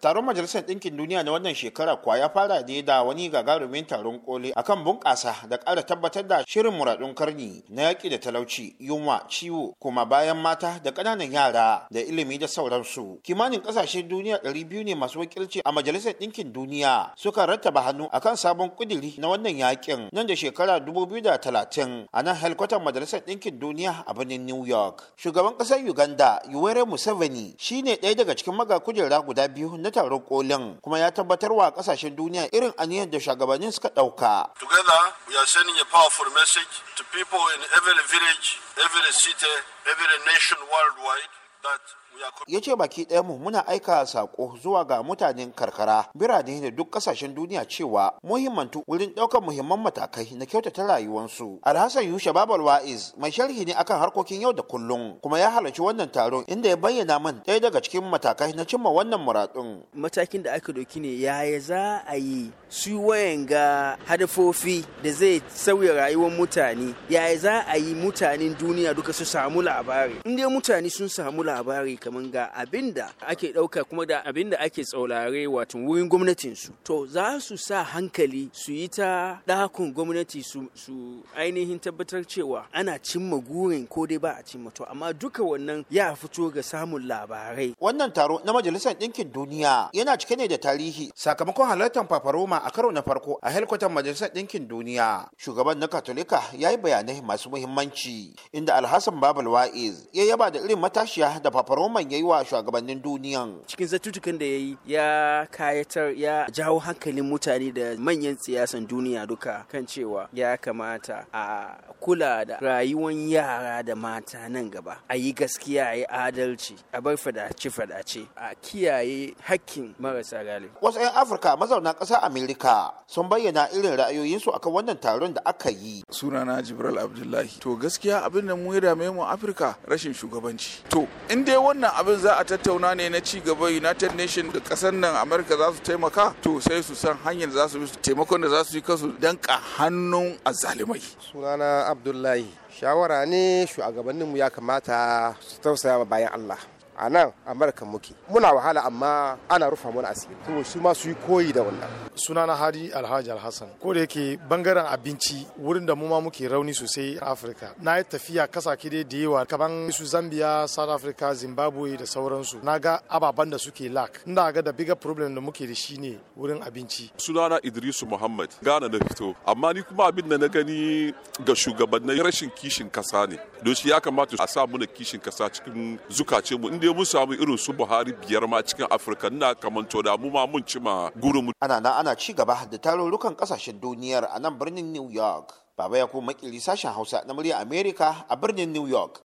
Taron Majalisar Ɗinkin Duniya na wannan shekara kwa ya fara ne da wani gagarumin taron koli kan bunƙasa da ƙara tabbatar da shirin muradun karni na yaƙi da talauci, yunwa, ciwo, kuma bayan mata da ƙananan yara da ilimi da sauransu. Kimanin ƙasashen duniya ɗari biyu ne masu wakilci a Majalisar Ɗinkin Duniya suka rattaba hannu a kan sabon ƙudiri na wannan yaƙin nan da shekara dubu biyu da talatin a nan helikwatar Majalisar Ɗinkin Duniya a birnin New York. Shugaban ƙasar Uganda Yoweri Museveni shi ne ɗaya daga cikin maga kujera guda biyu na da taron kolin kuma ya tabbatar wa kasashen duniya irin aniyar da shugabannin suka dauka. Together we are sending a powerful message to people in every village, every city, every nation worldwide. ya ce baki mu muna aika saƙo zuwa ga mutanen karkara birane da duk ƙasashen duniya cewa muhimmantu wurin ɗaukar muhimman matakai na kyautata rayuwarsu alhassan yusha babal wa'iz mai sharhi ne akan harkokin yau da kullum kuma ya halarci wannan taron inda ya bayyana man ɗaya daga cikin matakai na cimma wannan muradun matakin da aka doki ne yaya za a yi su wayan ga hadafofi da zai sauya rayuwar mutane yaya za a yi mutanen duniya duka su samu labari in dai mutane sun samu labari kamar ga abinda ake ɗauka kuma da abin da ake tsaurare wato wurin gwamnatinsu to za su sa hankali su yi ta ɗakun gwamnati su ainihin tabbatar cewa ana cimma gurin ko dai ba a cimma to amma duka wannan ya fito ga samun labarai wannan taro na majalisar ɗinkin duniya yana cike ne da tarihi sakamakon halartar fafaroma a karo na farko a helkwatar majalisar ɗinkin duniya shugaban na katolika ya yi bayanai masu muhimmanci inda alhassan babal wa'iz ya yaba da irin matashiya da fafaroman ya yi wa shugabannin duniyan. Cikin zatutukan da ya yi ya kayatar ya jawo hankalin mutane da manyan siyasan duniya duka kan cewa ya kamata a kula da rayuwar yara da mata nan gaba. A yi gaskiya a yi adalci a bar fadace fadace a kiyaye hakkin marasa galibi. Wasu 'yan Afirka mazauna ƙasa Amerika sun bayyana irin ra'ayoyinsu akan wannan taron da aka yi. Sunana Jibril Abdullahi. To gaskiya abin da mu ya dame mu Afirka rashin shugabanci. To in dai wannan abin za a tattauna ne na cigaba united nation da kasar nan america za su taimaka to sai su san hanyar za su bi taimakon da za su yi kasu danka hannun azalimai sunana abdullahi shawara ne shugabanninmu ya kamata su tausaya bayan allah a nan amurka muke muna wahala amma ana rufa mana asiri to su ma su yi koyi da wannan sunana hadi alhaji alhassan ko da yake bangaren abinci wurin da mu ma muke rauni sosai a afirka na yi tafiya kasake dai da yawa kaman su zambia south africa zimbabwe da sauransu na ga ababen da suke lak ina ga da biga problem da muke da shi ne wurin abinci sunana idrisu muhammad gana na fito amma ni kuma abin da na gani ga shugabannin rashin kishin kasa ne don shi ya kamata a sa muna kishin kasa cikin zukace mu inda dai mun samu irin su Buhari biyar ma cikin Afirka na to da mu ma mun ci ma gurin Ana na ana ci gaba da tarurrukan kasashen duniyar a nan birnin New York. Baba ya kuma makili sashen Hausa na murya Amerika a birnin New York.